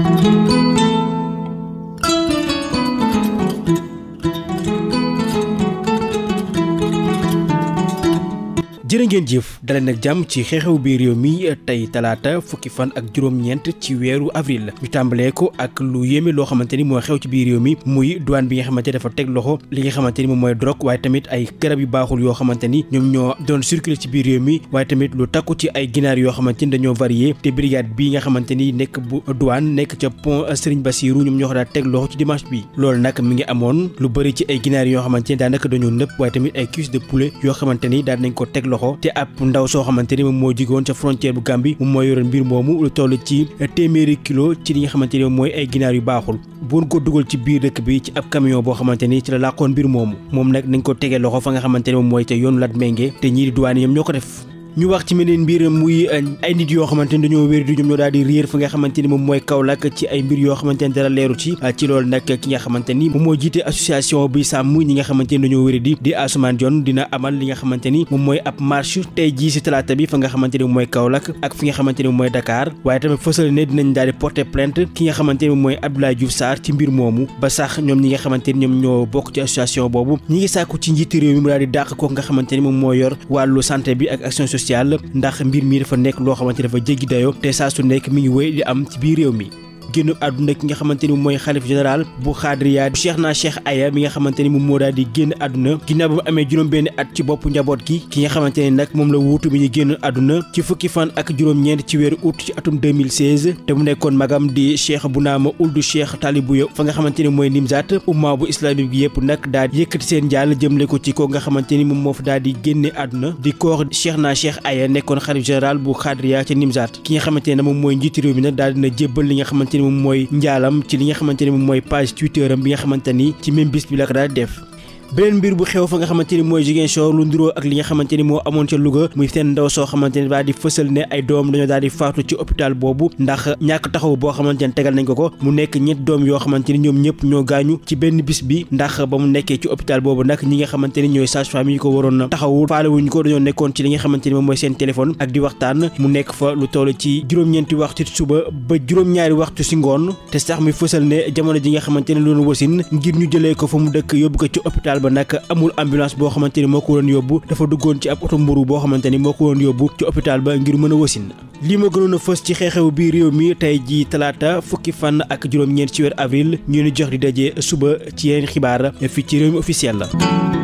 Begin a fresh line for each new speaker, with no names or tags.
thank you jërë ngeen jëf dale nag jàmm ci xew-xew bi réew mi tey talaata fukki fan ak juróom-ñeent ci weeru avril ñu tàmbalee ko ak lu yéeme loo xamante ni mooy xew ci biir réew mi muy douane bi nga xamante dafa teg loxo li nga xamante ni moom mooy drogue waaye tamit ay garab yu baaxul yoo xamante ni ñoom ñoo doon circuler ci biir réew mi waaye tamit lu takku ci ay ginaar yoo xamante ni dañoo varié te brigade bi nga xamante ni nekk bu douane nekk ca pont Serigne Bassirou ñoom ñoo ko daa teg loxo ci dimanche bi loolu nag mi ngi amoon lu bëri ci ay ginaar yoo xamante ni daanaka dañoo nëpp waaye tamit ay cuisse yoo xamante ni daan nañ ko teg ko te ab ndaw soo xamante ni moom moo jigoon ca frontière bu Gambie moom moo yoroon mbir moomu lu toll ci téeméeri kilo ci li nga xamante ni mooy ay ginaar yu baaxul buñ ko dugal ci biir dëkk bi ci ab camion boo xamante ni ci la làqoon mbir moomu moom nag nañ ko tege loxo fa nga xamante ni moom mooy te yoonu Latmingué te ñii di douane ñoo ko def ñu wax ci meneen mbir muy ay nit yoo xamante ni dañoo wér di ñoom ñoo daal di nga xamante ni moom mooy kawlak ci ay mbir yoo xamante ni dara leeru ci ci loolu nag ki nga xamante ni moom moo jiite association bi sàmm ñi nga xamante ni dañoo wér di di dina amal li nga xamante ni moom mooy ab marche tey jii si talaata bi fa nga xamante ni mooy Kaolack ak fi nga xamante ni mooy Dakar waaye tamit fësal ne dinañ daal di porter plainte ki nga xamante ni moom mooy Abdoulaye Diouf Sarr ci mbir moomu ba sax ñoom ñi nga xamante ni ñoom ñoo bokk ci association boobu ñi ngi sàkku ci njiiti réew mi mu daal di dàq kooku nga xamante ni moom moo yor wàll santé bi ak action sociale ndax mbir mi dafa nekk loo xamante dafa jéggi dayoo te saa su nekk mi ngi wéy di am ci biir réew mi génn àdduna ki nga xamante moom moo daal génn àdduna ginnaaw ba mu amee juróom-benn at ci bopp njaboot gi ki nga xamante nag moom mooy nimzaat réew mi nag daal dina jébbal li nga xamante ne moom mooy njaalam ci li nga xamante ne moom mooy page Twitter bi nga xamante ni ci même bis bi la ko daal def beneen mbir bu xew fa nga xamante ni mooy Ziguinchor lu nduróo ak li nga xamante ni moo amoon ca Louga muy seen ndaw soo xamante ni daal fësal ne ay doom dañoo daal di faatu ci hôpital boobu ndax ñàkk taxaw boo xamante ni tegal nañ ko ko mu nekk ñett doom yoo xamante ni ñoom ñëpp ñoo gaañu ci benn bis bi ndax ba mu nekkee ci hôpital boobu nag ñi nga xamante ni ñooy sage-femme yi ko waroon taxawu faalewuñ ko dañoo nekkoon ci li nga xamante ni moom mooy seen téléphone ak di waxtaan mu nekk fa lu toll ci juróom-ñeenti waxtu suba ba juróom-ñaari waxtu si ngoon te sax mi fësal ne jamono ji nga xamante ni loolu wasin ngir ñu jëlee ko fa mu dëkk yóbbu ko ci hôpital ba nag amul ambulance boo xamante ni moo ko waroon yóbbu dafa duggoon ci ab oto mburu boo xamante ni moo ko waroon yóbbu ci hôpital ba ngir mën a wasin lii ma gënoon a fës ci xew-xew bi réew mi tey ji talaata fukki fan ak juróom-ñeent ci weer avril ñu ni jox di daje suba ci yeneen xibaar fii ci réew mi officiel la